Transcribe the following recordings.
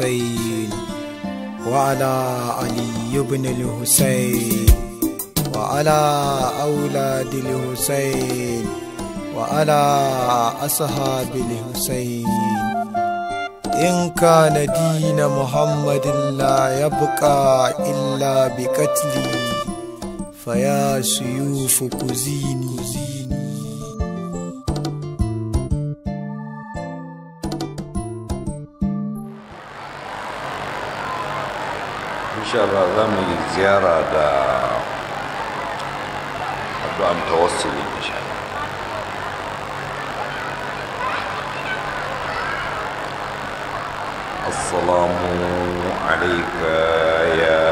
الحسين وعلى علي بن الحسين وعلى أولاد الحسين وعلى أصحاب الحسين إن كان دين محمد لا يبقى إلا بقتلي فيا سيوف كزيني insha Allah زيارة دا yi ziyara da addu'a tawassuli السلام عليك يا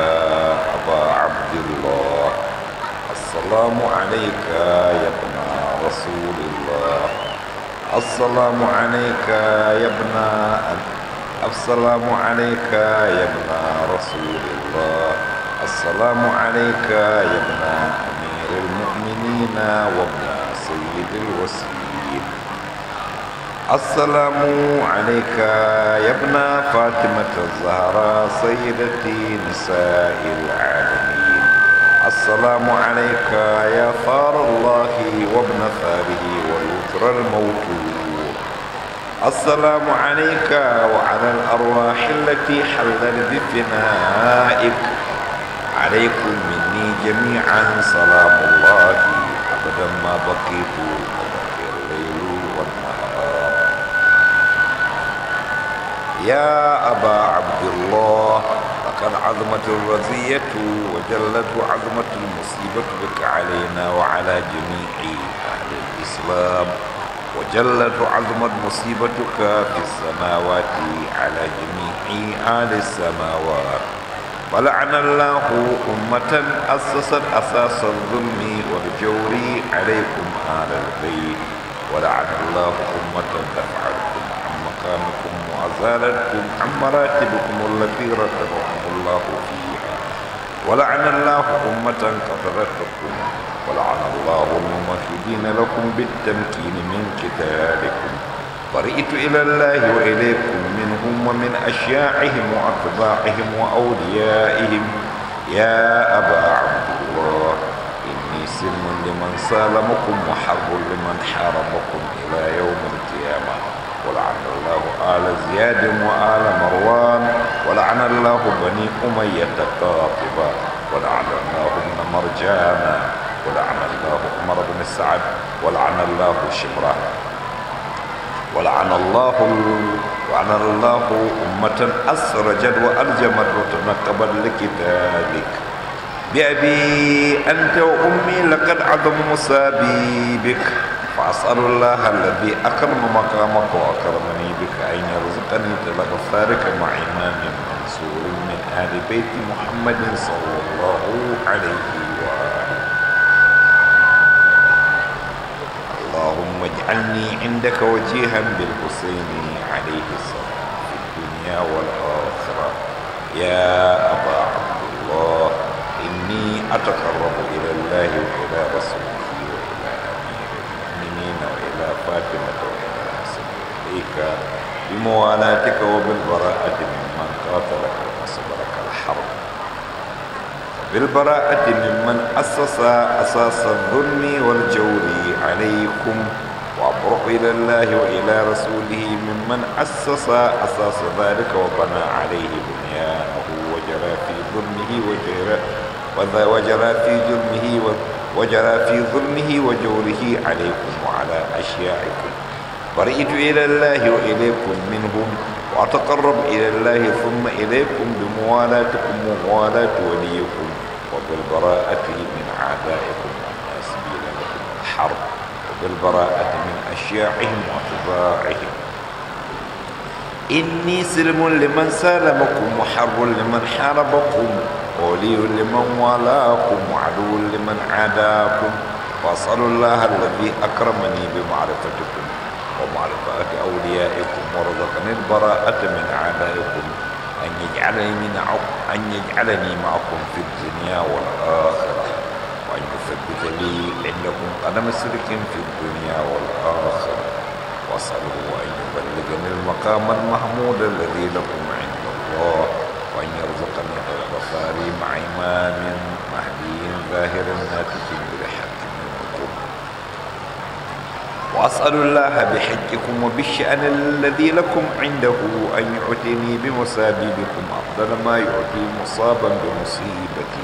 أبا عبد الله السلام عليك يا ابن رسول الله السلام عليك يا ابن السلام عليك يا ابن رسول الله السلام عليك يا ابن أمير المؤمنين وابن سيد الوسيم السلام عليك يا ابن فاطمة الزهراء سيدتي نساء العالمين السلام عليك يا ثار الله وابن ثاره ويثرى الموت السلام عليك وعلى الأرواح التي حلت بفنائك عليكم مني جميعا سلام الله أبدا ما بقيت أبقي الليل والنهار يا أبا عبد الله لقد عظمت الرزية وجلت عظمة المصيبة بك علينا وعلى جميع أهل الإسلام وجلت عظمت مصيبتك في السماوات على جميع آل السماوات ولعن الله أمة أسست أساس الظلم والجور عليكم آل البيت ولعن الله أمة دفعتكم عن مقامكم وأزالتكم عن مراتبكم التي رتبكم الله فيها ولعن الله أمة كفرت لكم ولعن الله الممثلين لكم بالتمكين من كتابكم برئت إلى الله وإليكم منهم ومن أشياعهم وأتباعهم وأوليائهم يا أبا عبد الله إني سلم لمن سالمكم وحرب لمن حاربكم إلى يوم القيامة ولعن الله آل زياد وآل مروان ولعن الله بني أمية قاطبة ولعن الله ابن مرجان ولعن الله عمر بن سعد ولعن الله شمرة ولعن الله ولعن الله أمة أسرجت وأرجمت وتنقبت لكتابك بأبي أنت وأمي لقد عظم مصابي بك فأسأل الله الذي أكرم مقامك وأكرمني بك أن يرزقني تلغفارك مع إمام منصور من آل بيت محمد صلى الله عليه وآله اللهم اجعلني عندك وجيها بالحسين عليه الصلاة في الدنيا والآخرة يا أبا عبد الله إني أتقرب إلى الله وإلى رسوله فاطمة إيكا بموالاتك وبالبراءة ممن قاتلك وصبرك الحرب بالبراءة ممن أسس أساس الظلم والجور عليكم وأبرق إلى الله وإلى رسوله ممن أسس أساس ذلك وبنى عليه بنيانه وجرى في ظلمه وجرى وجرى في ظلمه وجرى في ظلمه وجوره عليكم أشياعكم ورئيت إلى الله وإليكم منهم وأتقرب إلى الله ثم إليكم بموالاتكم وموالاة وليكم وبالبراءة من أعدائكم وأسبيل سبيل لكم الحرب وبالبراءة من أشياعهم وأتباعهم إني سلم لمن سالمكم وحرب لمن حاربكم ولي لمن والاكم وعدو لمن عداكم وأسأل الله الذي أكرمني بمعرفتكم ومعرفة أوليائكم ورزقني البراءة من أعدائكم أن يجعلني من أن يجعلني معكم في الدنيا والآخرة وأن يثبت لي عندكم قدم سلك في الدنيا والآخرة وأسأله أن يبلغني المقام المحمود الذي لكم عند الله وأن يرزقني البصاري مع إمام مهدي ظاهر ناتج وأسأل الله بحجكم وبالشأن الذي لكم عنده أن يعطيني بمصابيبكم أفضل ما يعطي مصابا بمصيبتي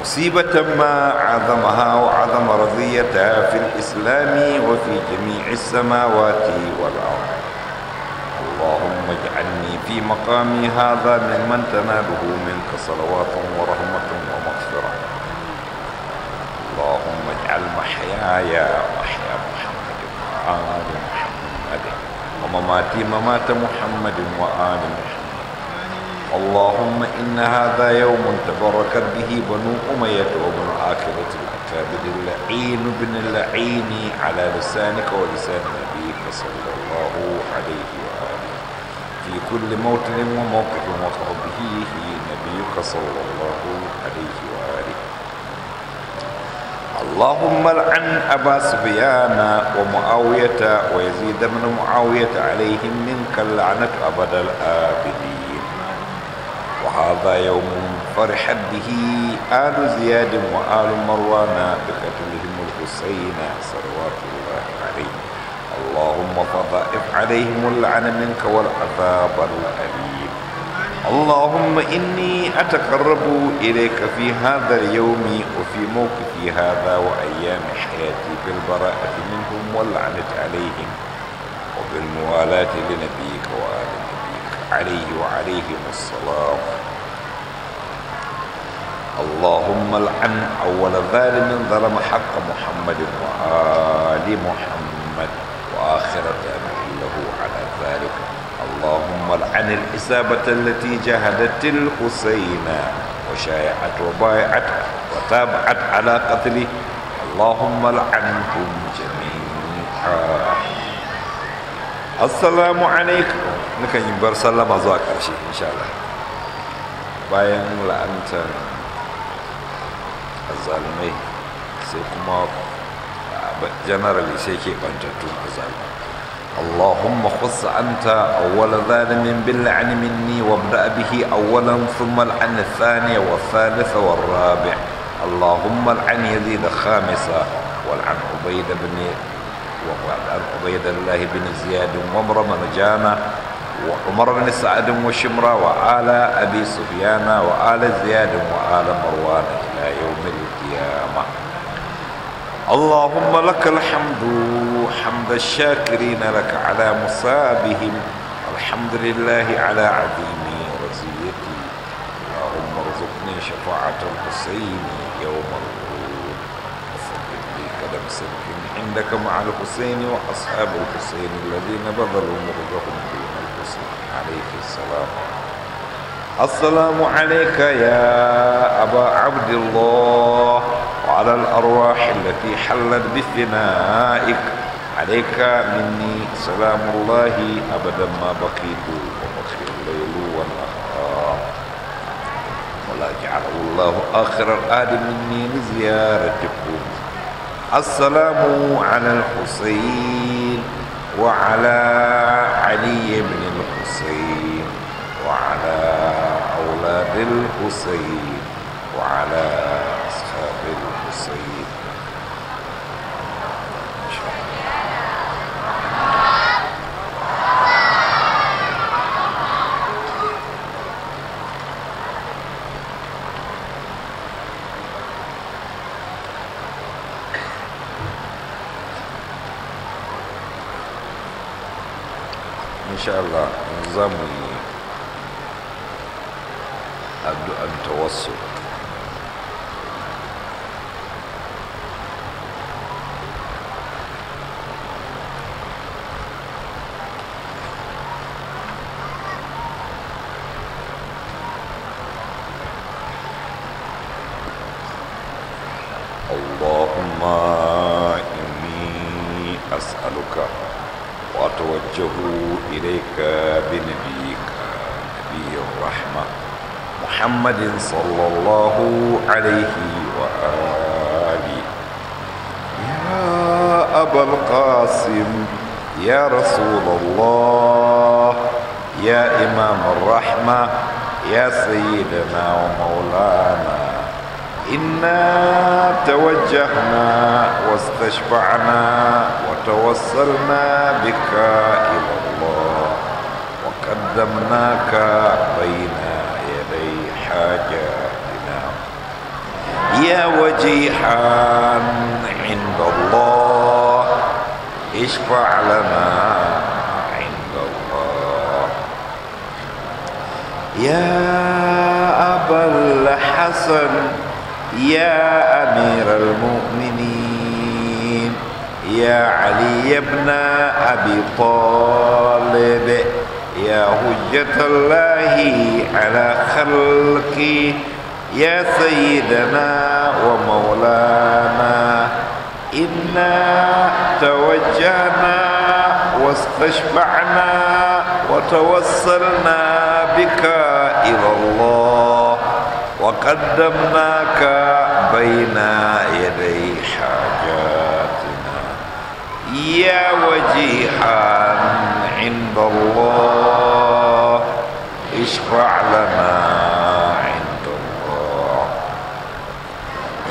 مصيبة ما عظمها وعظم رضيتها في الإسلام وفي جميع السماوات والأرض اللهم اجعلني في مقامي هذا ممن تناله منك صلوات ورحمة ومغفرة اللهم اجعل محياي آل محمد ومماتي ممات محمد وآل محمد اللهم إن هذا يوم تبركت به بنو أمية وبن عاكبة الأكابر اللعين بن اللعين على لسانك ولسان نبيك صلى الله عليه وآله في كل موطن وموقف وقع به نبيك صلى الله عليه وآله اللهم لعن أبا سفيان ومعاوية ويزيد بن معاوية عليهم منك اللعنة أبد الآبدين وهذا يوم فرح به آل زياد وآل مروان بقتلهم الحسين صلوات الله عليه اللهم فضائف عليهم اللعن منك والعذاب الأليم اللهم إني أتقرب إليك في هذا اليوم وفي موقفي هذا وأيام حياتي بالبراءة منهم واللعنة عليهم وبالموالاة لنبيك وآل نبيك عليه وعليهم الصلاة اللهم العن أول ظالم ظلم حق محمد وآل محمد وآخر ذلك اللهم لعن الإصابة التي جهدت الحسين وشايعت وبايعت وتابعت على قتله اللهم لعنهم جميعا assalamu alaikum nukan yi bar sallama zuwa ƙarshe insha Allah bayan la'antar azzalumai sai kuma janarali sai ke bantattun azzalumai اللهم خص أنت أول ظالم باللعن مني وابدأ به أولا ثم العن الثاني والثالث والرابع اللهم العن يزيد الخامسه والعن عبيد بن وعن عبيد الله بن زياد وامر بن جانا وعمر بن سعد وشمرة وآل أبي سفيان وآل زياد وآل مروان اللهم لك الحمد حمد الشاكرين لك على مصابهم الحمد لله على عديم رزيتي اللهم ارزقني شفاعة الحسين يوم القيامة وثبت لي قدم صدق عندك مع الحسين وأصحاب الحسين الذين بذلوا مرضهم دون الحسين عليه السلام السلام عليك يا أبا عبد الله وعلى الأرواح التي حلت بثنائك عليك مني سلام الله أبدا ما بقيت وبقي الليل والنهار ولا جعله الله آخر الآد مني لزيارتكم السلام على الحسين وعلى علي بن الحسين وعلى أولاد الحسين وعلى insha Allah za mu yi addu'an tawassul محمد صلى الله عليه وآله يا أبا القاسم يا رسول الله يا إمام الرحمة يا سيدنا ومولانا إنا توجهنا واستشفعنا وتوسلنا بك إلى الله وقدمناك بين هي وجيحان عند الله اشفع لنا عند الله يا أبا الحسن يا أمير المؤمنين يا علي بن أبي طالب يا حجة الله على خلقه يا سيدنا ومولانا إنا توجهنا واستشفعنا وتوسلنا بك إلى الله وقدمناك بين يدي حاجاتنا يا وجيها عند الله اشفع لنا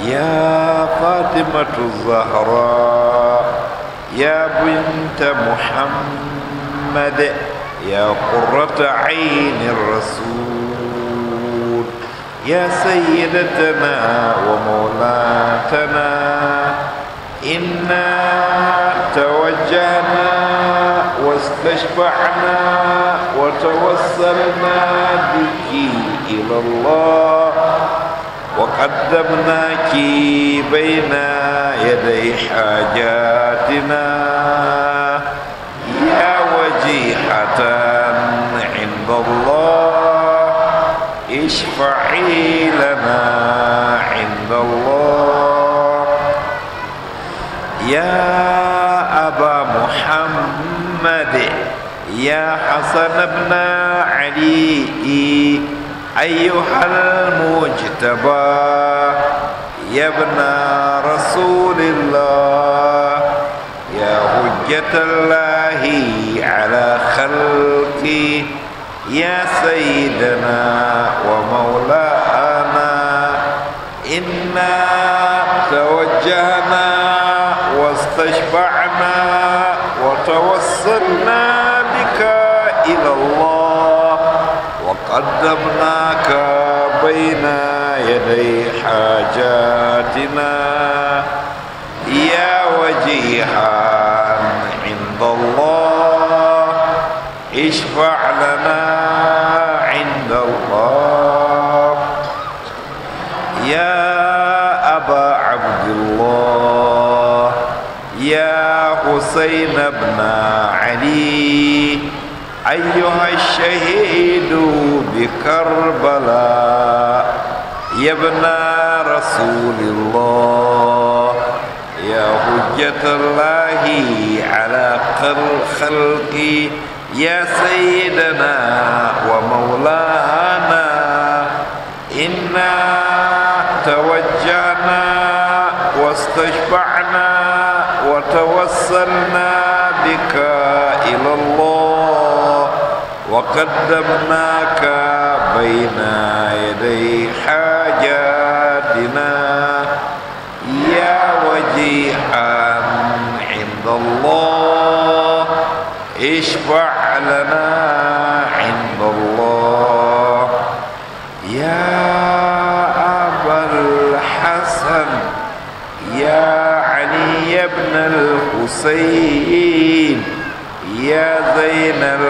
يا فاطمة الزهراء يا بنت محمد يا قرة عين الرسول يا سيدتنا ومولاتنا إنا توجهنا واستشفعنا وتوسلنا بك إلى الله وقدمناك بين يدي حاجاتنا يا وجيحة عند الله اشفعي لنا عند الله يا أبا محمد يا حسن ابن علي أيها المجتبى يا ابن رسول الله يا حجة الله على خلقه يا سيدنا ومولانا إنا توجهنا واستشفعنا وتوصلنا قدمناك بين يدي حاجاتنا يا وجيها عند الله اشفع لنا عند الله يا أبا عبد الله يا حسين بن علي أيها الشهيد كربلاء يا ابن رسول الله يا حجة الله على خلق يا سيدنا ومولانا إنا توجهنا واستشفعنا وتوسلنا بك إلى الله وقدمناك بين يدي حاجاتنا يا وجيها عند الله اشفع لنا عند الله يا أبا الحسن يا علي بن الحسين يا زينب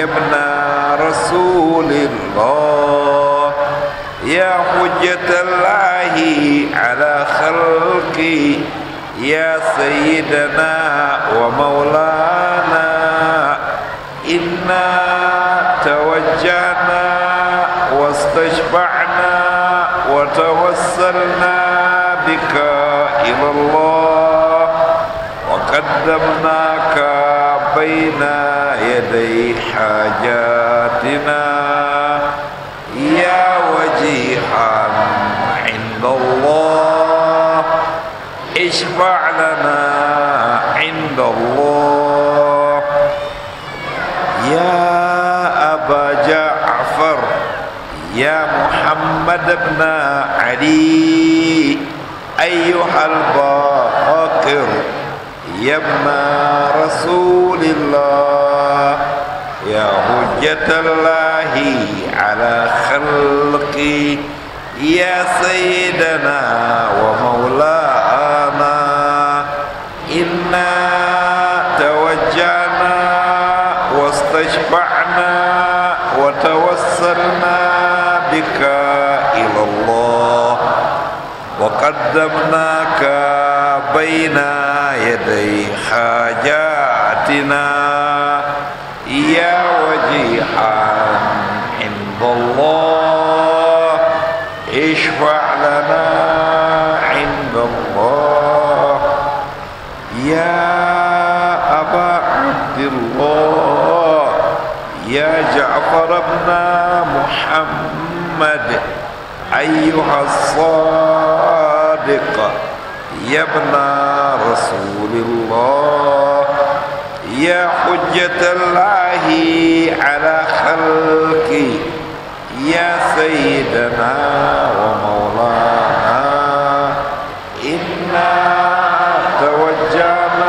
يا ابن رسول الله يا حجة الله على خلقي يا سيدنا ومولانا إنا توجهنا واستشفعنا وتوسلنا بك إلى الله وقدمناك بين يدي حاجاتنا يا وجيها عند الله اشفع لنا عند الله يا أبا جعفر يا محمد بن علي أيها الباقر يما رسول الله يا حجة الله على خلقي يا سيدنا ومولانا إنا توجعنا واستشبعنا وتوسلنا بك إلى الله وقدمناك بين يدي حاجاتنا يا وجيحا عند الله اشفع لنا عند الله يا أبا عبد الله يا جعفر ابن محمد أيها الصادق يا ابن رسول الله يا حجة الله على خلقي يا سيدنا ومولانا إنا توجهنا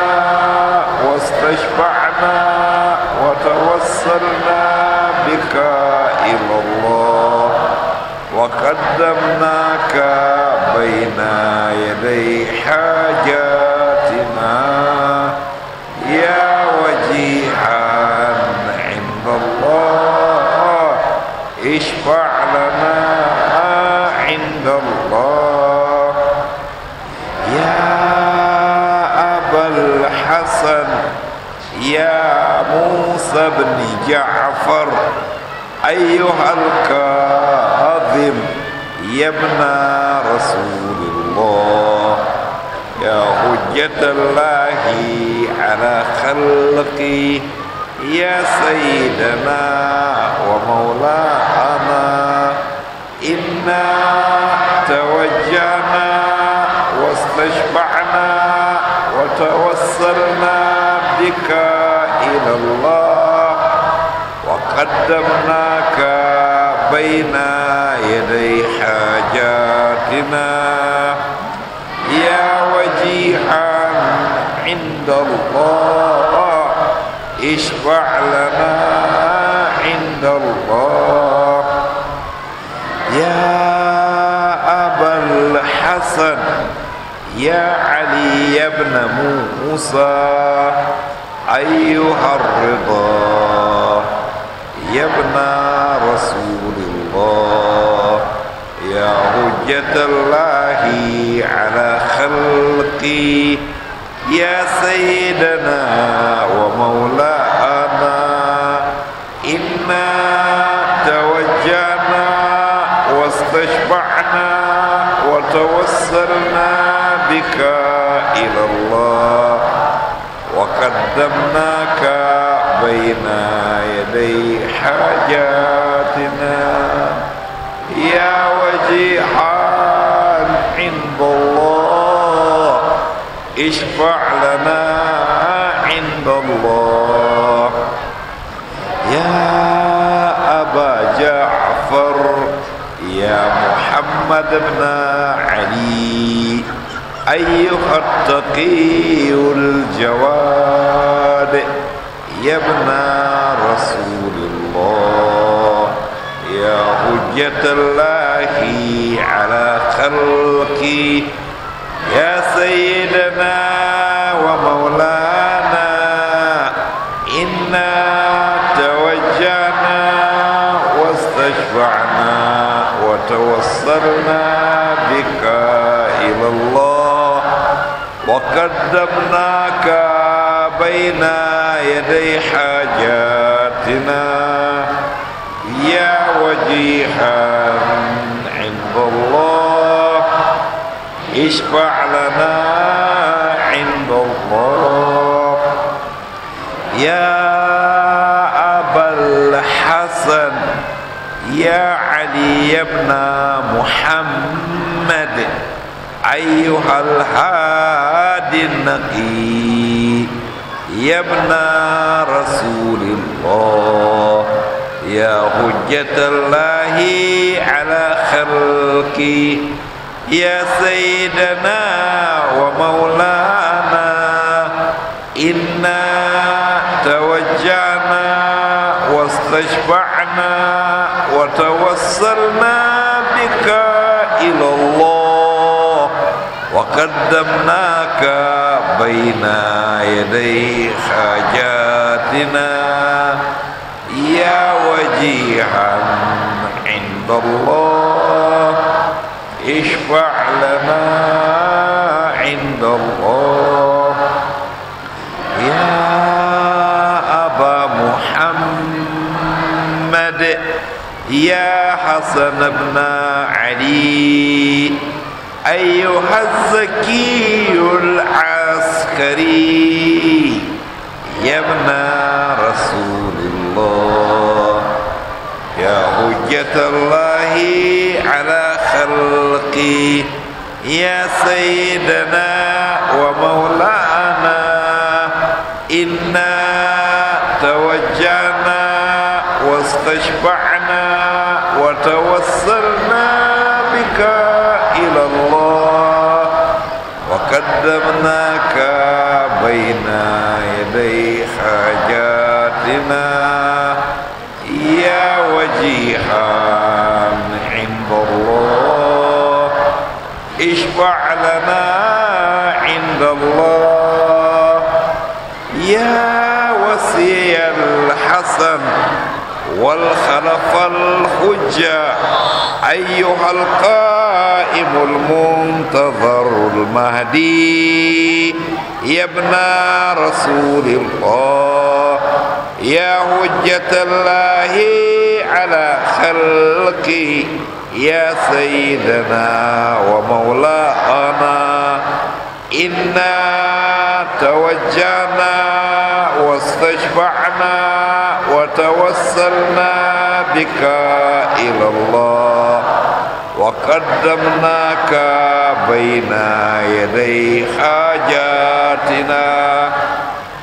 واستشفعنا وتوصلنا بك إلى الله وقدمناك بين يدي حاجاتنا يا وجيها عند الله اشفع لنا عند الله يا أبا الحسن يا موسى بن جعفر أيها الكاظم يا ابن رسول الله يا حجة الله على خلقي يا سيدنا ومولانا إنا توجهنا واستشفعنا وتوسلنا بك إلى الله وقدمناك بين يدي حاجاتنا يا وجيها عند الله اشفع لنا عند الله يا أبا الحسن يا علي بن موسى أيها الرضا يا ابن رسول الله يا حجة الله على خلقي يا سيدنا ومولانا إنا توجهنا واستشفعنا وتوسلنا بك إلى الله وقدمناك بين يدي حاجات محمد بن علي أيها التقي الجواد يا ابن رسول الله يا حجة الله على خلقي يا سيدنا ومولانا إنا توجهنا واستشفعنا توصلنا بك إلى الله وقدمناك بين يدي حاجاتنا يا وجيها عند الله اشفع لنا عند الله يا أبا الحسن يا علي بن محمد أيها الهادي النقي يا ابن رسول الله يا حجة الله على خلقي يا سيدنا ومولانا إنا توجعنا واستشفعنا وتوسلنا بك إلى الله وقدمناك بين يدي حاجاتنا يا وجيها عند الله اشفع لنا حسن بن علي أيها الزكي العسكري يا ابن رسول الله يا حجة الله على خلقي يا سيدنا ومولانا إنا توجهنا واستشفعنا توصلنا بك إلى الله وقدمناك بين يدي حاجاتنا يا وجيها عند الله اشفع لنا عند الله يا وسيع الحسن والخلف الحجة أيها القائم المنتظر المهدي يا ابن رسول الله يا حجة الله على خلقه يا سيدنا ومولانا إنا توجهنا واستشفعنا توسلنا بك إلى الله وقدمناك بين يدي حاجاتنا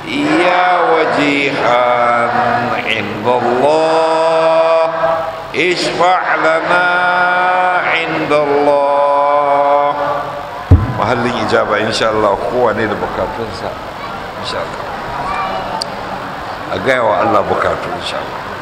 يا وجيها عند الله اشفع لنا عند الله وهل الإجابة إن شاء الله قوة نيل بكاتنسا إن شاء الله a gaya wa Allah bukatu insha Allah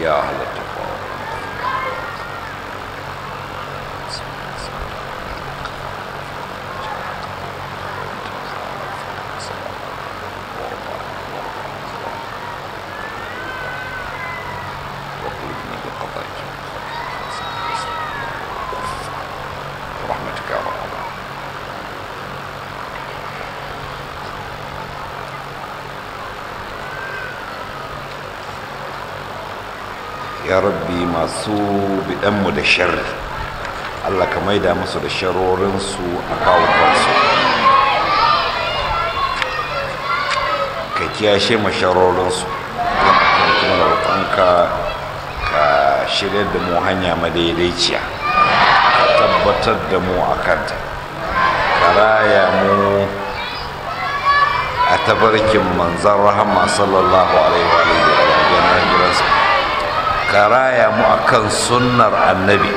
Yeah. masu biɗanmu da sharri Allah ka maida musu da sharorinsu a kawo ka kiyashe ma sharorinsu kuma da ka shirya da mu hanya madaidaiciya ka tabbatar da mu a kanta ka raya mu a tabarkin manzan rahama sallallahu alaihi wa alihi wa sallam karaya mu akan sunnar annabi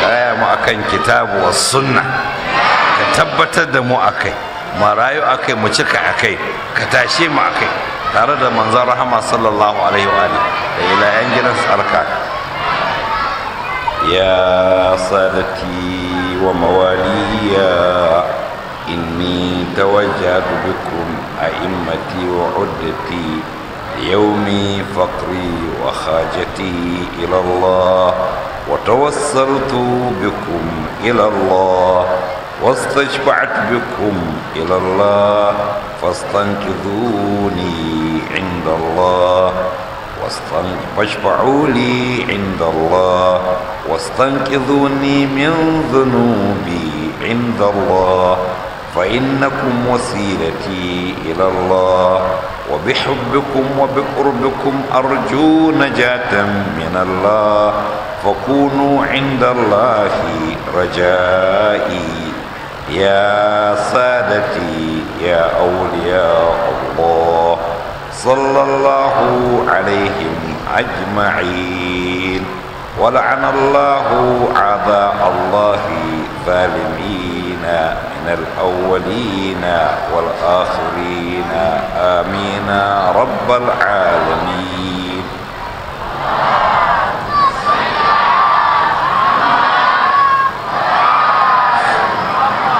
karaya mu akan kitabu wa sunna ka tabbatar da mu akai marayu akai mu cika akai ka tashe mu akai tare da manzon rahama sallallahu alaihi wa da ila yan gidan sarka. ya sadati wa mawaliya إني توجهت بكم أئمتي وعدتي يومي فقري وحاجتي إلى الله وتوسلت بكم إلى الله واستشفعت بكم إلى الله فاستنقذوني عند الله فاشفعوا لي عند الله واستنقذوني من ذنوبي عند الله فإنكم وسيلتي إلى الله وبحبكم وبقربكم أرجو نجاة من الله فكونوا عند الله رجائي يا سادتي يا أولياء الله صلى الله عليهم أجمعين ولعن الله عذاء الله ظالمين من الأولين والآخرين آمين رب العالمين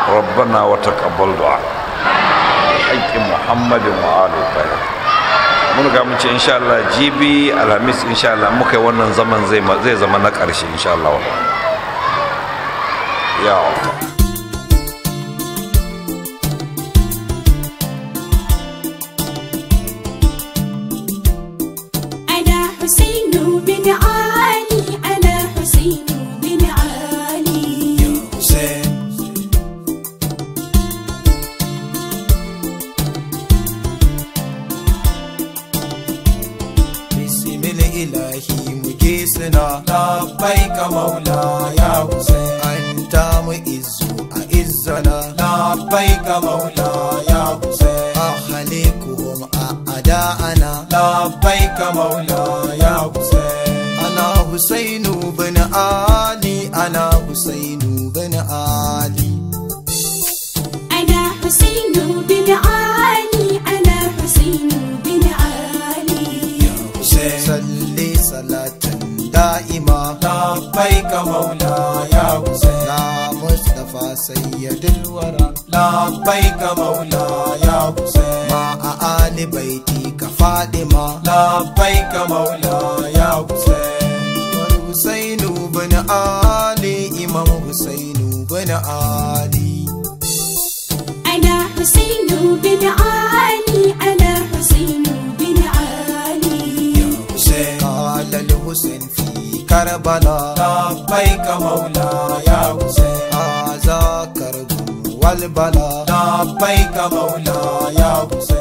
ربنا وتقبل دعاء حق محمد وآل الطاهر mun ga mun ce insha Allah GB alhamis insha Allah muka wannan zaman zai zama na ƙarshe insha Allah ya Allah ali ana husainu bin ali ana husainu bin ali ali ya salli da'ima labbaika maula ya mustafa sayyidul wara labbaika maula ya husain ma a ali baiti ka fadima labbaika maula ya husain حسين بن علي أنا حسين بن علي أنا حسين بن علي يا حسين قال الحسين في كربلاء لبيك مولاي يا حسين هذا كرب والبلاء لبيك مولاي يا حسين